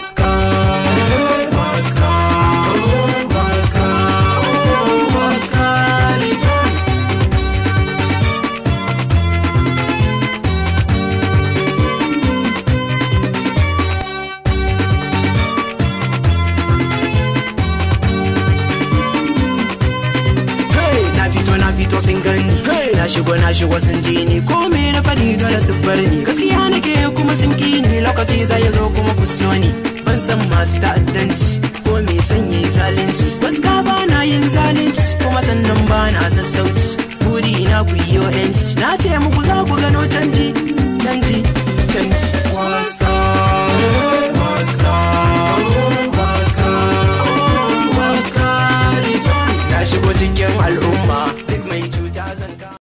Hey, sun na shigo na shigo sun ji na fadi dole su bar ni gaskiya nake kuma sun ki lokaci zai zo kuma ku so ban san masu ta'addanci ko me sanya zalunci waska ba na yin zalunci kuma sannan ba na sassauci buri na ku yi yanci na ce muku za ku gano canji canji canji wasa wasa wasa wasa cikin al'umma